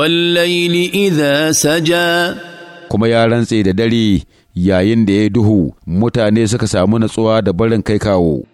wallaili idha saja kuma ya rantse da dare yayin da ya duhu mutane suka samu natsuwa da barin kai kawo